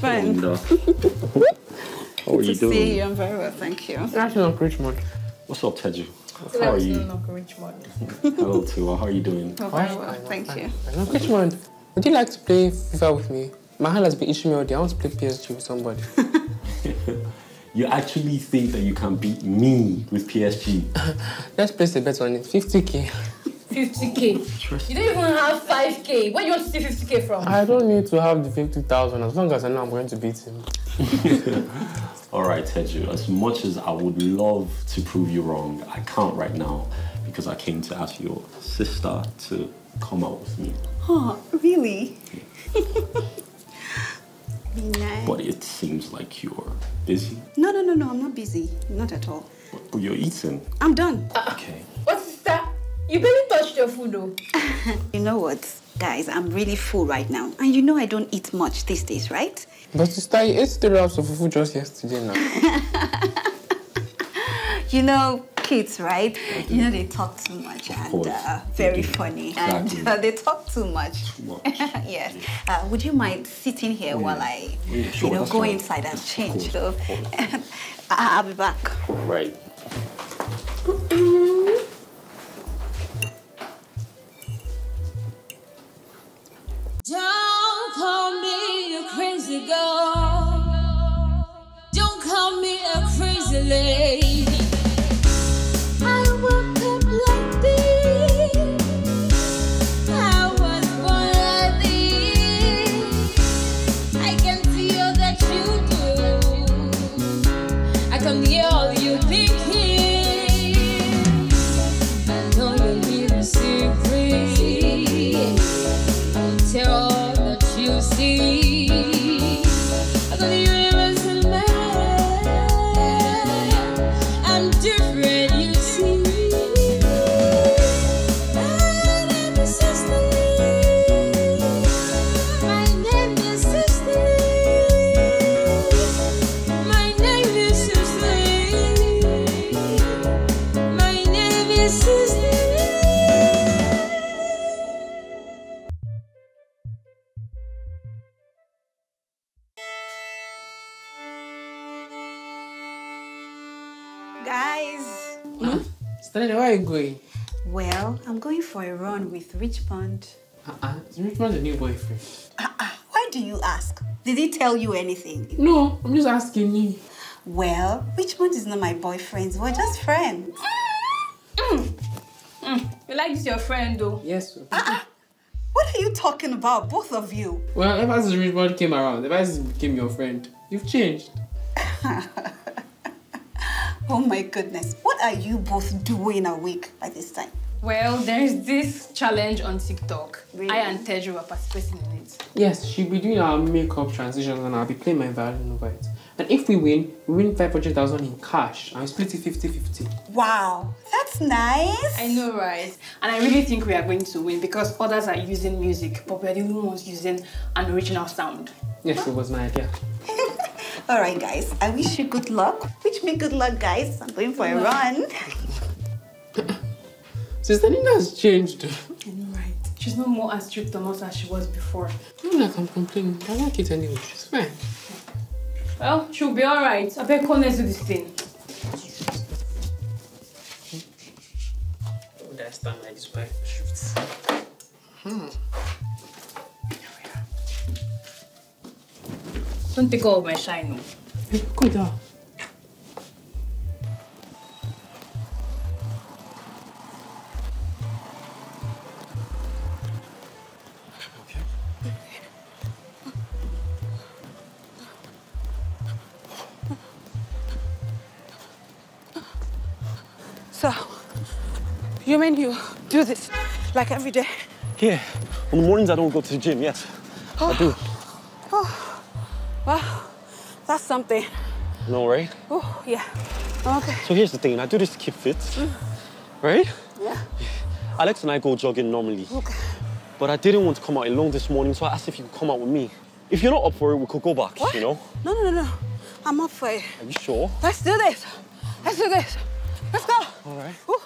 fine. How are you doing? See you. I'm very well, thank you. That's not Richmond. What's up, Teju? How are you? Richmond. Hello, Tua. How are you doing? I'm very well, thank you. Richmond, would you like to play FIFA with me? My hand has been issuing me all day. I want to play PSG with somebody. you actually think that you can beat me with PSG? Let's place a bet on it. 50k. 50k. You don't even have 5k. Where do you want to see 50k from? I don't need to have the 50,000 as long as I know I'm going to beat him. All right, Teju, as much as I would love to prove you wrong, I can't right now because I came to ask your sister to come out with me. Oh, really? Be nice. But it seems like you're busy. No, no, no, no, I'm not busy. Not at all. But you're eating. I'm done. Uh, okay. What's you barely touched your food though. you know what? Guys, I'm really full right now. And you know I don't eat much these days, right? But sister, you ate three wraps of fufu just yesterday now. you know, kids, right? You know, they talk too much uh, and uh, very funny. Exactly. And uh, they talk too much. Too much. yes. Uh, would you mind sitting here yeah. Mm. while I, mm, yeah, sure, you know, go right. inside and change? So, I'll be back. Right. late. Stanley, where are you going? Well, I'm going for a run with Richmond. Uh-uh. Richmond, a new boyfriend. Uh-uh. Why do you ask? Did he tell you anything? No, I'm just asking you. Well, Richmond is not my boyfriend. We're just friends. Mm. Mm. You like this your friend, though? Yes. Sir. Uh -uh. What are you talking about, both of you? Well, ever since Richmond came around, ever since became your friend, you've changed. Oh my goodness. What are you both doing a week by this time? Well, there's this challenge on TikTok. Really? I and Teju are participating in it. Yes, she'll be doing our makeup transition and I'll be playing my violin over it. And if we win, we win 500,000 in cash and we split it 50-50. Wow, that's nice. I know, right? And I really think we are going to win because others are using music, but we're the only ones using an original sound. Yes, it was my idea. All right, guys. I wish you good luck. Wish me good luck, guys. I'm going for a run. Sister Nina has changed. I know, right? She's no more as strict on us as she was before. I'm like I'm complaining. I like it anyway. She's fine. Well, she'll be all right. I bet Connors do this thing. Hmm. Don't pick all my shine. Cuidado. So, you mean you do this like every day? Yeah, on the mornings I don't go to the gym, yes. Oh. I do something. No, right? Oh, yeah. Okay. So here's the thing, I do this to keep fit, mm. right? Yeah. Alex and I go jogging normally. Okay. But I didn't want to come out alone this morning, so I asked if you could come out with me. If you're not up for it, we could go back, what? you know? No, no, no, no. I'm up for it. Are you sure? Let's do this. Let's do this. Let's go. All right. Ooh.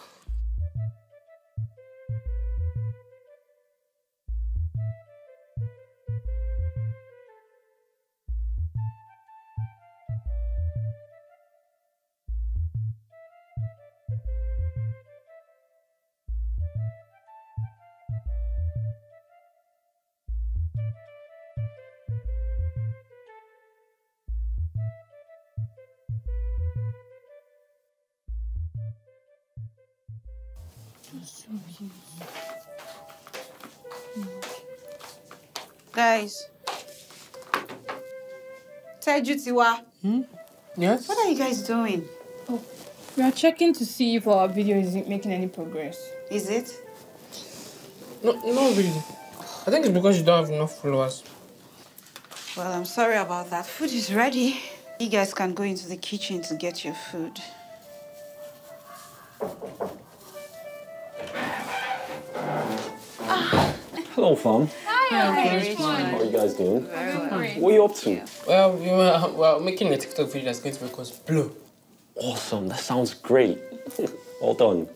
Guys. Teju Tiwa. Hmm? Yes? What are you guys doing? Oh, we are checking to see if our video is making any progress. Is it? No, not really. I think it's because you don't have enough followers. Well, I'm sorry about that. Food is ready. You guys can go into the kitchen to get your food. Hello, Fawn. How are you guys doing? What are you up to? Well, we were, uh, making a TikTok video that's going to be called blue. Awesome, that sounds great. well done.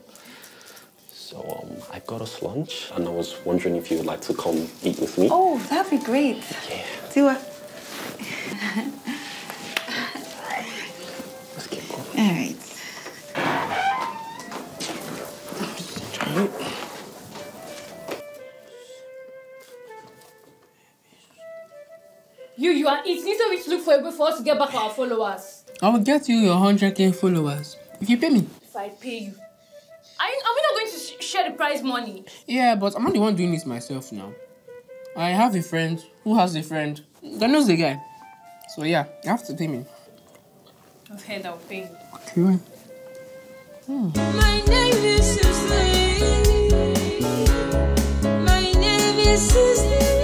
So um, I got us lunch, and I was wondering if you would like to come eat with me. Oh, that'd be great. Yeah. Do for for us to get back our followers. I will get you your 100k followers if you pay me. If I pay you. Are, you, are we not going to sh share the prize money? Yeah, but I'm not the one doing this myself now. I have a friend who has a friend that knows the guy. So yeah, you have to pay me. I've heard I'll pay you. Okay. Hmm. My name is My name is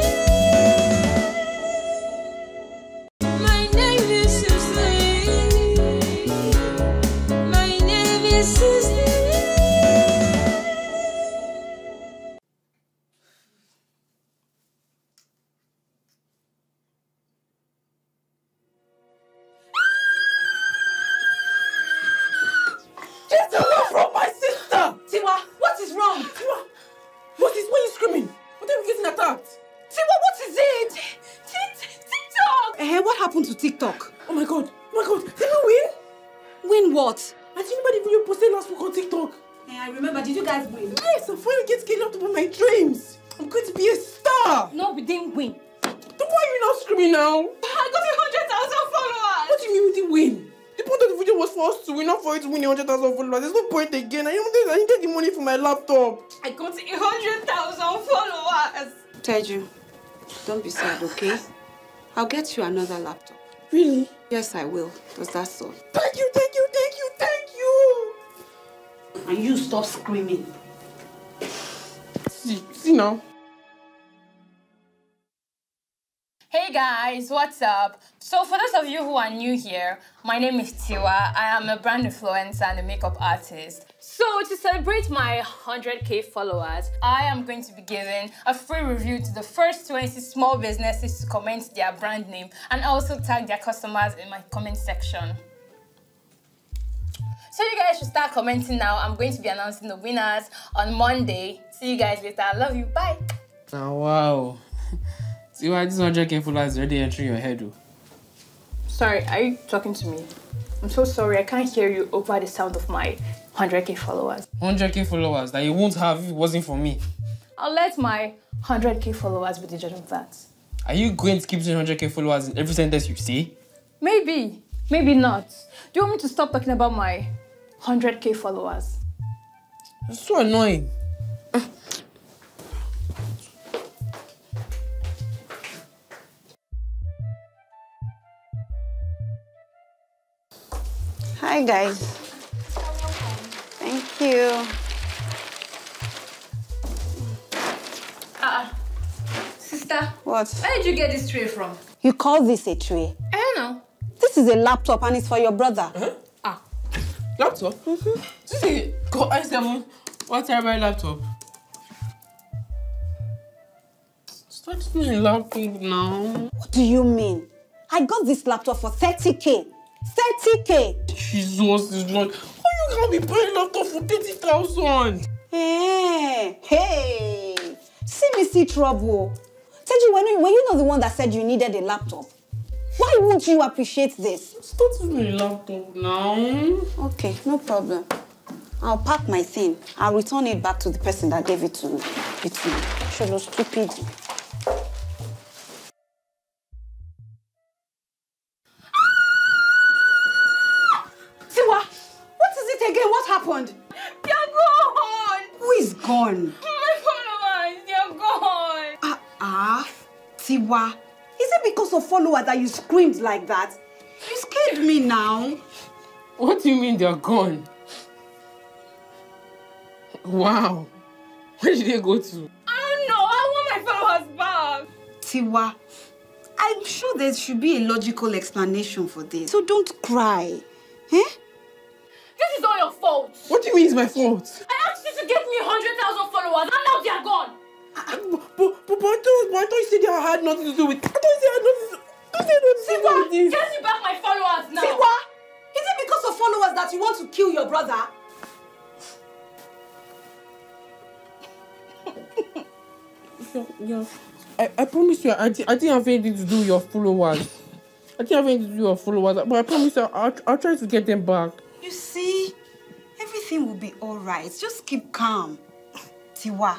There's no point again. I didn't, get the money for my laptop. I got 100,000 followers. Teju, don't be sad, okay? I'll get you another laptop. Really? Yes, I will. Does that so? Thank you, thank you, thank you, thank you! And you stop screaming. See, see now, Hey guys, what's up? So for those of you who are new here, my name is Tiwa. I am a brand influencer and a makeup artist. So to celebrate my 100k followers, I am going to be giving a free review to the first 20 small businesses to comment their brand name and also tag their customers in my comment section. So you guys should start commenting now. I'm going to be announcing the winners on Monday. See you guys later. I love you. Bye. Oh, wow. See why this 100k followers already entering your head, though. Sorry, are you talking to me? I'm so sorry, I can't hear you over the sound of my 100k followers. 100k followers that you won't have if it wasn't for me. I'll let my 100k followers be the judge of that. Are you going to keep saying 100k followers in every sentence you say? Maybe, maybe not. Do you want me to stop talking about my 100k followers? It's so annoying. Hi, guys. Thank you. Uh, sister. What? Where did you get this tray from? You call this a tray? I don't know. This is a laptop and it's for your brother. -huh. Ah. Laptop? Mm -hmm. This is a Core uh, i laptop. Stop now. What do you mean? I got this laptop for 30k. 30k! Jesus is wrong. How you gonna be paying doctor for 30,000? Hey, eh, hey, see me see trouble. Said you were, were you not the one that said you needed a laptop? Why won't you appreciate this? Start with my laptop now. Okay, no problem. I'll pack my thing. I'll return it back to the person that gave it to me. It's me. Should stupid. Ah, Tiwa, is it because of follower that you screamed like that? You scared me now. What do you mean they're gone? Wow. Where did they go to? I don't know. I want my followers back. Tiwa, I'm sure there should be a logical explanation for this. So don't cry. Eh? This is all your fault. What do you mean it's my fault? I asked you to get me 100,000 followers and now they are gone but, but, but, I thought, I thought you said I had nothing to do with. it. I thought you said I had nothing to do. Don't say nothing Siwa, to do with this. Get me back my followers now. Siwa, is it because of followers that you want to kill your brother? yeah, yeah. I, I promise you, I, di I didn't have anything to do with your followers. I didn't have anything to do with your followers, but I promise you, I'll, I'll try to get them back. You see, everything will be alright. Just keep calm. Tiwa.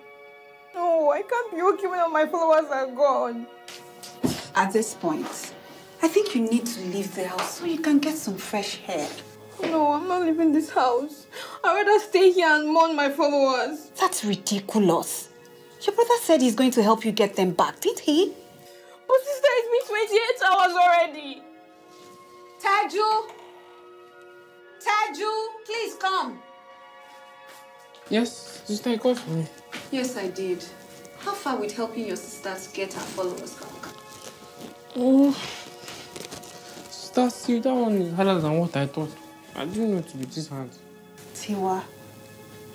I can't be okay when all my followers are gone. At this point, I think you need to leave the house so you can get some fresh air. No, I'm not leaving this house. I'd rather stay here and mourn my followers. That's ridiculous. Your brother said he's going to help you get them back, did he? But sister, it's been 28 hours already. Taju! Taju, please come. Yes, sister, you called for me. Yes, I did. How far would helping your sister to get her followers back? Oh, sister, that one is harder than what I thought. I didn't know it would be this hard. Tiwa,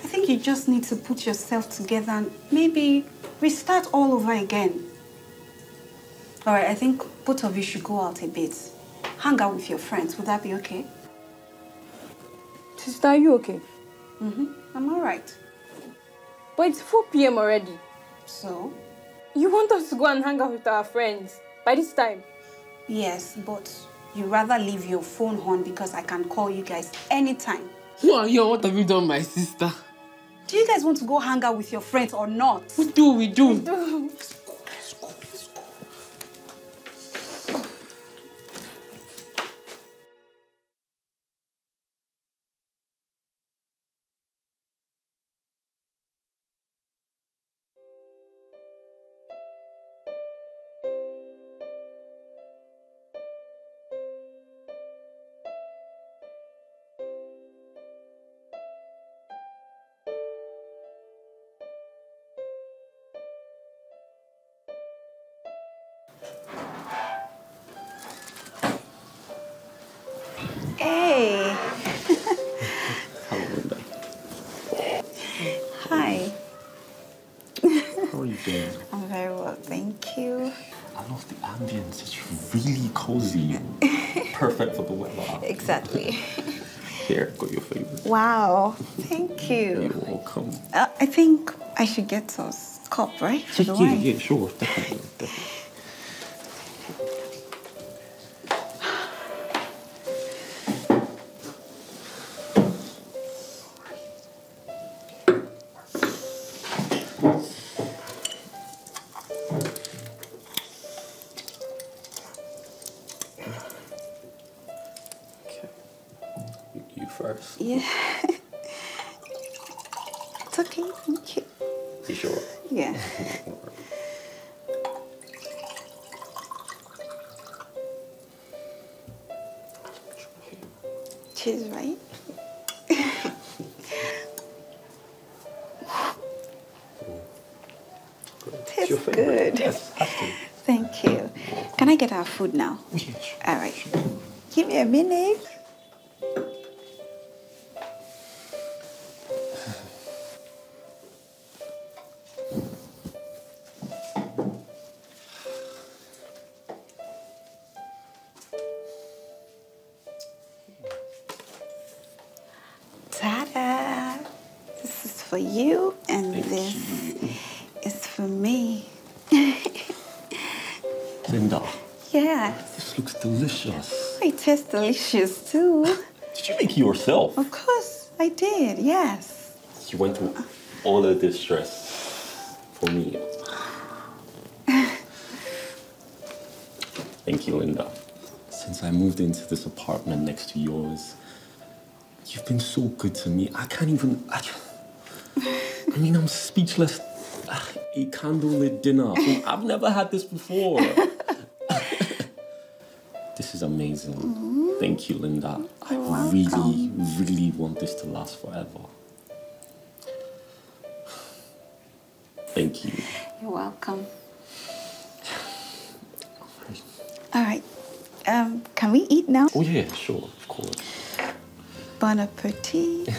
I think you just need to put yourself together and maybe restart all over again. All right, I think both of you should go out a bit. Hang out with your friends. Would that be okay? Sister, are you okay? Mm-hmm. I'm all right. But it's 4 p.m. already. So? You want us to go and hang out with our friends by this time? Yes, but you rather leave your phone on because I can call you guys anytime. Who are you? What have you done, my sister? Do you guys want to go hang out with your friends or not? We do, we do. We do. cozy, perfect for the weather. Exactly. Here, got your favorite. Wow, thank you. You're welcome. Uh, I think I should get a cup, right? Yeah, yeah, sure, definitely. definitely. Cheers, right? Tastes good. Yes, Thank you. Can I get our food now? Yes. All right. Give me a minute. for you, and Thank this you. is for me. Linda. Yeah. This looks delicious. It tastes delicious too. did you make it yourself? Of course, I did, yes. You went through all of this stress for me. Thank you, Linda. Since I moved into this apartment next to yours, you've been so good to me. I can't even. I can't, I mean, I'm speechless. a candlelit dinner. I've never had this before. this is amazing. Mm -hmm. Thank you, Linda. You're I really, really want this to last forever. Thank you. You're welcome. All right. Um, can we eat now? Oh, yeah, sure, of course. Bon appetit.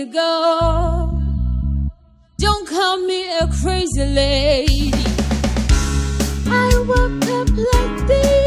to go. Don't call me a crazy lady. I woke up like this.